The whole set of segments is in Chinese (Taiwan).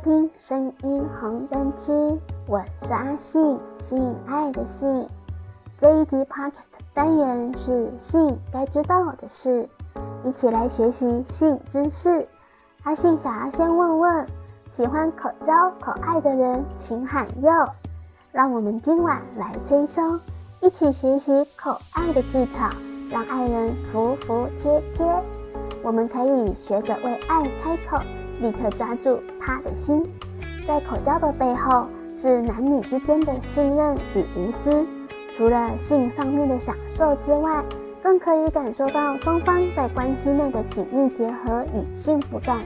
收聽聲音，紅燈區，我是阿性，性愛的性。這一集 podcast 單元是性該知道的事，一起來學習性知識。阿性想要先問問，喜歡口交口愛的人，請喊右，讓我們今晚來吹簫，一起學習口愛的技巧，讓愛人服服貼貼。我們可以學着為愛開口。立刻抓住他的心，在口交的背後，是男女之間的信任與無私。除了性上面的享受之外，更可以感受到雙方在關係內的緊密結合與幸福感。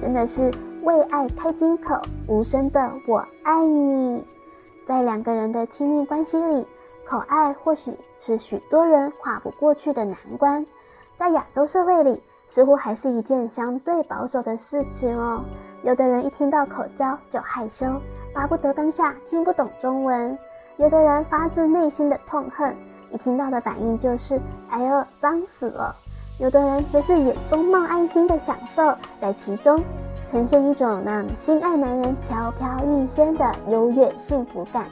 真的是為愛開金口，無聲的我愛你。在兩個人的親密關係裡，口愛或許是許多人跨不過去的難關。在亞洲社會裡，似乎還是一件相對保守的事情哦。有的人一聽到口交就害羞，巴不得當下聽不懂中文；有的人發自內心的痛恨，一聽到的反應就是“哎呦，髒死了”；有的人則是眼中冒愛心的享受在其中，呈現一種讓心愛男人飄飄欲仙的優越幸福感。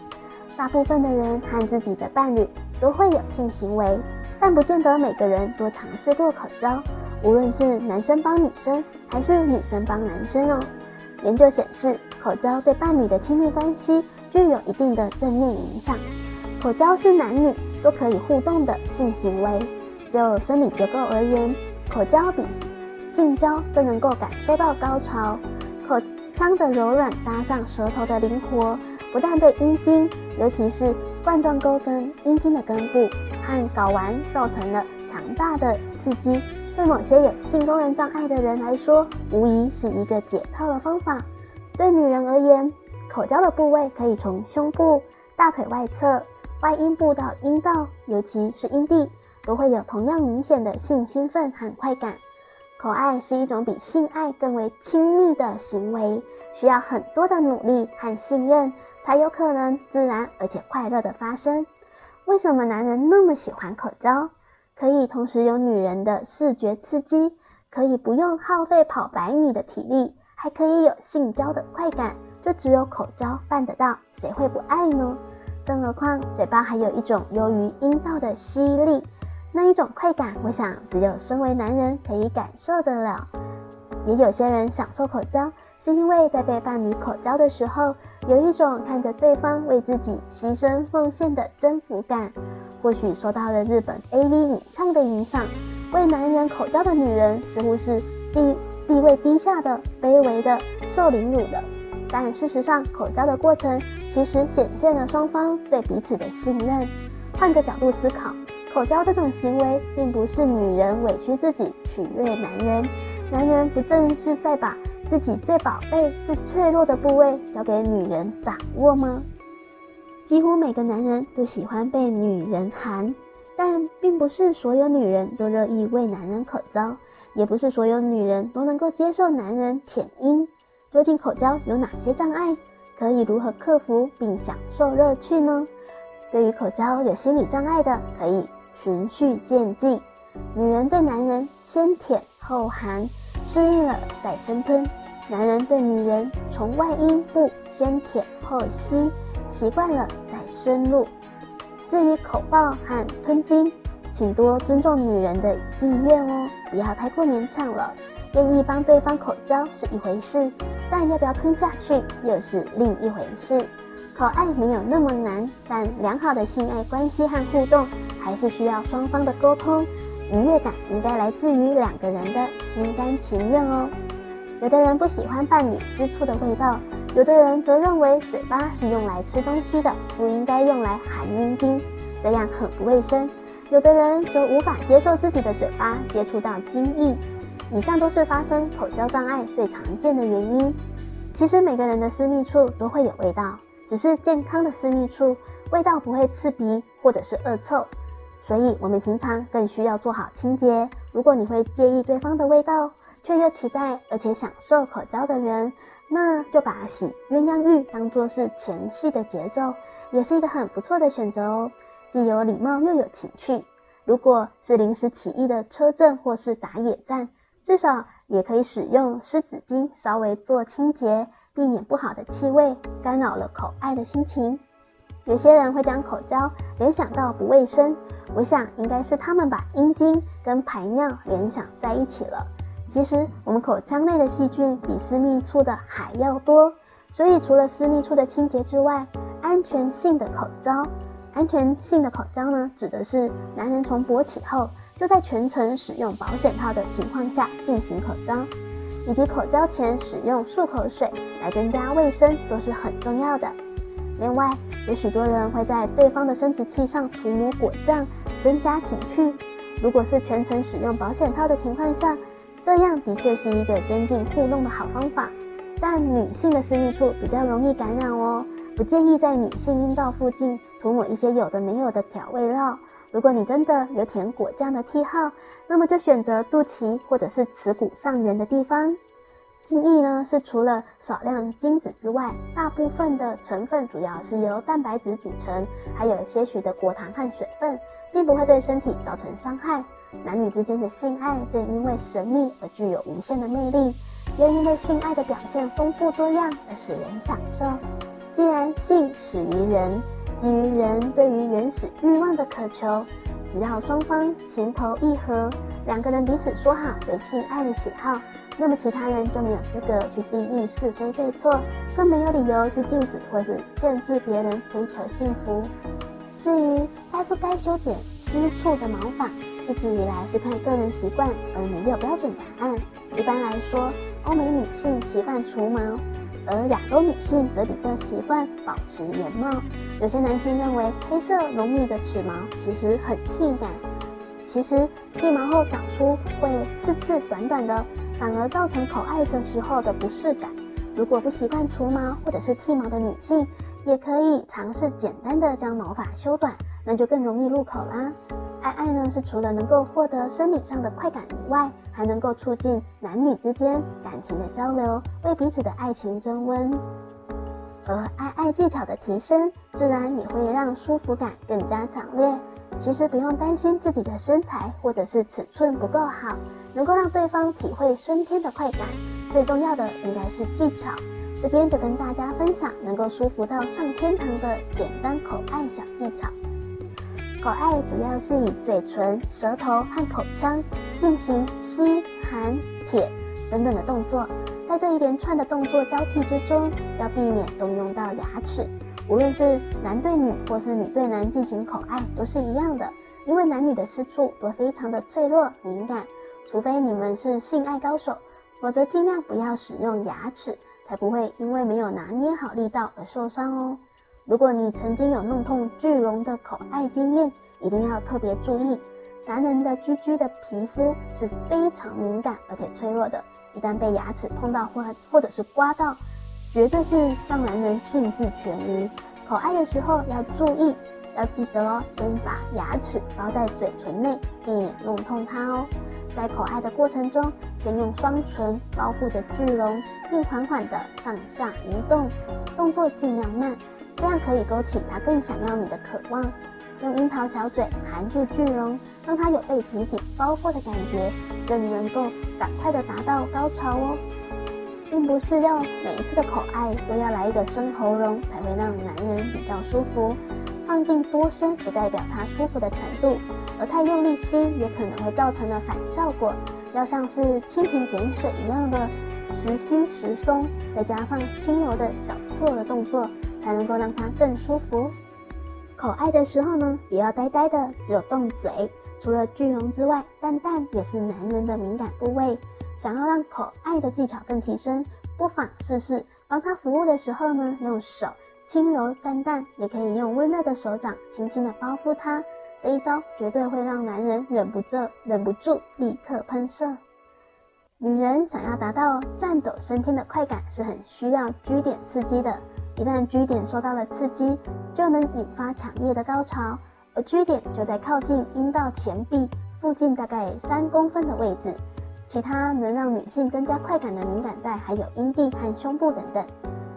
大部分的人和自己的伴侶都會有性行為，但不見得每個人都嘗試過口交。無論是男生幫女生，還是女生幫男生哦。研究顯示，口交對伴侶的親密關係具有一定的正面影響。口交是男女都可以互動的性行為。就生理結構而言，口交比性交更能夠感受到高潮。口腔的柔軟搭上舌頭的靈活，不但對陰莖，尤其是冠狀溝跟陰莖的根部和睾丸造成了。強大的刺激，對某些有性功能障礙的人來說，無疑是一個解套的方法。對女人而言，口交的部位可以從胸部、大腿外側、外陰部到陰道，尤其是陰蒂，都會有同樣明顯的性興奮和快感。口愛是一種比性愛更為親密的行為，需要很多的努力和信任，才有可能自然而且快樂的發生。為什麼男人那麼喜歡口交？可以同時有女人的視覺刺激，可以不用耗費跑百米的體力，還可以有性交的快感，就只有口交辦得到，誰會不愛呢？更何況嘴巴還有一種優於陰道的吸力，那一種快感，我想只有身為男人可以感受得了。也有些人享受口交，是因為在被伴侶口交的時候，有一種看着對方為自己犧牲奉獻的征服感。或許受到了日本 AV 影像的影響，為男人口交的女人似乎是地地位低下的、卑微的、受凌辱的。但事實上，口交的過程其實顯現了雙方對彼此的信任。換個角度思考，口交這種行為並不是女人委屈自己，取悅男人。男人不正是在把自己最寶貝、最脆弱的部位交給女人掌握嗎？幾乎每個男人都喜歡被女人含，但並不是所有女人都樂意為男人口交，也不是所有女人都能夠接受男人舔陰。究竟口交有哪些障礙？可以如何克服並享受樂趣呢？對於口交有心理障礙的，可以循序漸進，女人對男人先舔。後含適應了再深吞，男人對女人從外陰部先舔後吸，習慣了再深入。至於口爆和吞精，請多尊重女人的意願哦，不要太過勉強了。願意幫對方口交是一回事，但要不要吞下去又是另一回事。口愛沒有那麼難，但良好的性愛關係和互動還是需要雙方的溝通。愉悅感應該來自於兩個人的心甘情願哦。有的人不喜歡伴侶私處的味道，有的人則認為嘴巴是用來吃東西的，不應該用來含陰莖，這樣很不衛生。有的人則無法接受自己的嘴巴接觸到精液。以上都是發生口交障礙最常見的原因。其實每個人的私密處都會有味道，只是健康的私密處味道不會刺鼻或者是惡臭。所以，我們平常更需要做好清潔。如果你會介意對方的味道，卻又期待而且享受口交的人，那就把洗鴛鴦浴當做是前戲的節奏，也是一個很不錯的選擇哦，既有禮貌又有情趣。如果是臨時起意的車震或是打野戰，至少也可以使用濕紙巾稍微做清潔，避免不好的氣味，干擾了口愛的心情。有些人會將口交聯想到不衛生，我想應該是他們把陰莖跟排尿聯想在一起了。其實我們口腔內的細菌比私密處的還要多，所以除了私密處的清潔之外，安全性的口交，安全性的口交呢，指的是男人從勃起後就在全程使用保險套的情況下進行口交，以及口交前使用漱口水來增加衛生都是很重要的。另外。有許多人會在對方的生殖器上塗抹果醬，增加情趣。如果是全程使用保險套的情況下，這樣的確是一個增進互動的好方法。但女性的私密處比較容易感染哦，不建議在女性陰道附近塗抹一些有的沒有的調味料。如果你真的有舔果醬的癖好，那麼就選擇肚臍或者是恥骨上緣的地方。精液呢，是除了少量精子之外，大部分的成分主要是由蛋白質組成，還有些許的果糖和水分，並不會對身體造成傷害。男女之間的性愛正因為神秘而具有無限的魅力，又因為性愛的表現豐富多樣而使人享受。既然性始於人，基於人對於原始慾望的渴求，只要雙方情投意合，兩個人彼此說好，對性愛的喜好。那麼其他人就沒有資格去定義是非對錯，更沒有理由去禁止或是限制別人追求幸福。至於該不該修剪私處的毛髮，一直以來是看個人習慣，而沒有標準答案。一般來說，歐美女性習慣除毛，而亞洲女性則比較習慣保持原貌。有些男性認為黑色濃密的恥毛其實很性感，其實剃毛後長出會刺刺短短的。反而造成口愛的時候的不適感。如果不習慣除毛或者是剃毛的女性，也可以嘗試簡單的將毛髮修短，那就更容易入口啦。愛愛呢，是除了能夠獲得生理上的快感以外，還能夠促進男女之間感情的交流，為彼此的愛情增溫。而愛愛技巧的提升，自然也會讓舒服感更加強烈。其實不用擔心自己的身材或者是尺寸不夠好，能夠讓對方體會升天的快感。最重要的應該是技巧，這邊就跟大家分享能夠舒服到上天堂的簡單口愛小技巧。口愛主要是以嘴唇、舌頭和口腔進行吸、含、舔等等的動作。在這一連串的動作交替之中，要避免動用到牙齒。無論是男對女，或是女對男進行口愛，都是一樣的。因為男女的私處都非常的脆弱敏感，除非你們是性愛高手，否則盡量不要使用牙齒，才不會因為沒有拿捏好力道而受傷哦。如果你曾經有弄痛巨龍的口愛經驗，一定要特別注意。男人的居居的皮膚是非常敏感而且脆弱的，一旦被牙齒碰到，或或者是刮到，絕對是讓男人興致全無。口愛的時候要注意，要記得哦，先把牙齒包在嘴唇內，避免弄痛他哦。在口愛的過程中，先用雙唇保護着巨龍，並緩緩的上下移動，動作盡量慢，這樣可以勾起他更想要你的渴望。用櫻桃小嘴含住巨龍，讓他有被緊緊包裹的感覺，更能夠趕快的達到高潮哦。並不是要每一次的口愛都要來一個深喉嚨才會讓男人比較舒服，放進多深不代表他舒服的程度，而太用力吸也可能會造成了反效果。要像是蜻蜓點水一樣的時吸時鬆，再加上輕柔的小錯的動作，才能夠讓他更舒服。口愛的時候呢，也要呆呆的，只有動嘴。除了聚攏之外，蛋蛋也是男人的敏感部位。想要讓口愛的技巧更提升，不妨試試幫他服務的時候呢，用手輕揉蛋蛋，也可以用溫熱的手掌輕輕的包覆他。這一招絕對會讓男人忍不住，忍不住立刻噴射。女人想要達到顫抖升天的快感，是很需要 G 點刺激的。一旦 G 點受到了刺激，就能引發強烈的高潮，而 G 點就在靠近陰道前壁附近，大概三公分的位置。其他能讓女性增加快感的敏感帶還有陰蒂和胸部等等。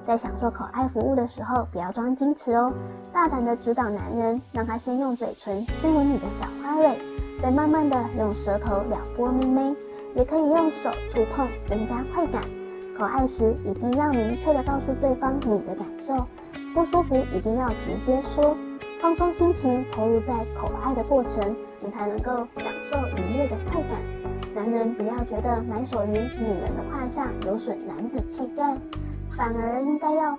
在享受口愛服務的時候，不要裝矜持哦，大膽的指導男人，讓他先用嘴唇親吻你的小花蕊，再慢慢的用舌頭撩撥咪咪，也可以用手觸碰增加快感。口愛時一定要明確的告訴對方你的感受，不舒服一定要直接說。放鬆心情，投入在口愛的過程，你才能夠享受愉悅的快感。男人不要覺得埋首於女人的胯下有損男子氣概，反而應該要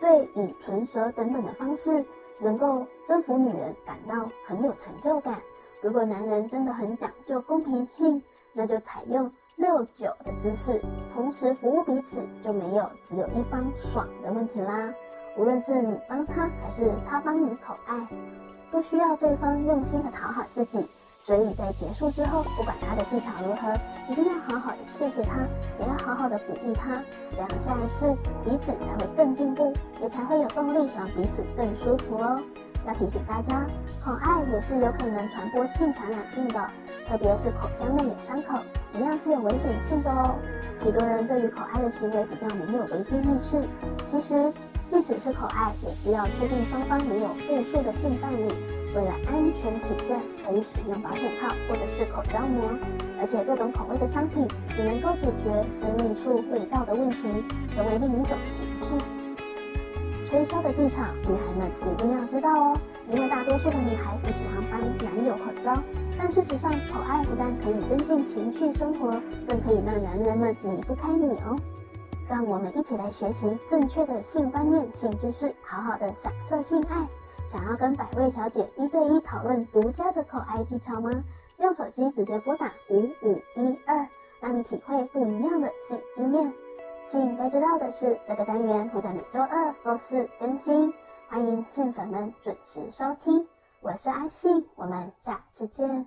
對以唇舌等等的方式，能夠征服女人，感到很有成就感。如果男人真的很講究公平性，那就採用六九的姿勢，同時服務彼此，就沒有只有一方爽的問題啦。無論是你幫他，還是他幫你口愛，都需要對方用心的討好自己。所以在結束之後，不管他的技巧如何，一定要好好的謝謝他，也要好好的鼓勵他。這樣下一次彼此才會更進步，也才會有動力讓彼此更舒服哦。要提醒大家，口愛也是有可能傳播性傳染病的，特別是口腔內有傷口，一樣是有危險性的哦。許多人對於口愛的行為比較沒有危機意識，其實即使是口愛，也需要確定雙方沒有互訴的性伴侶。為了安全起見，可以使用保險套或者是口罩膜。而且各種口味的商品也能夠解決私密處味道的問題，成為另一種情趣。吹簫的技巧，女孩們一定要知道哦，因為大多數的女孩不喜歡幫男友口愛，但事實上，口愛不但可以增進情趣生活，更可以讓男人們離不開你哦。讓我們一起來學習正確的性觀念、性知識，好好的享受性愛。想要跟百位小姐一對一討論獨家的口愛技巧嗎？用手機直接撥打五五一二，讓你體會不一樣的性經驗。性該知道的事，這個單元會在每週二、週四更新，歡迎性粉們準時收聽。我是阿性，我們下次見。